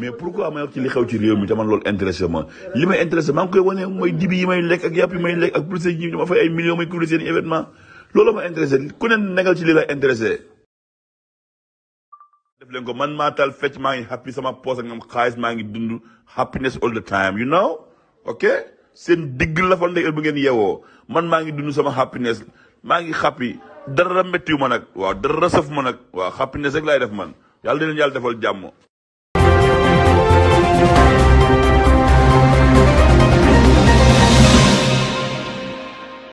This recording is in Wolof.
mais pourquoi may wax ci li xew ci réew mi te man loolu intéressé ma li may intéressé maa ngi koy wane mooy dibi yi may lekk ak yàpp yi may lekk ak police seen événement ma intéressé ku ne nekkal ci li la def leen ko man maa fecc maa ngi happy sama poos ak xaalis maa ngi dund happiness all the time you know ok seen digg la fa ndey bu ngeen yeewoo man maa ngi dund sama happiness maa ngi happy dara méttiwu ma nag waaw dara saf ma nag waaw happiness rek laay def man yàlla na leen yàlla defal jàmm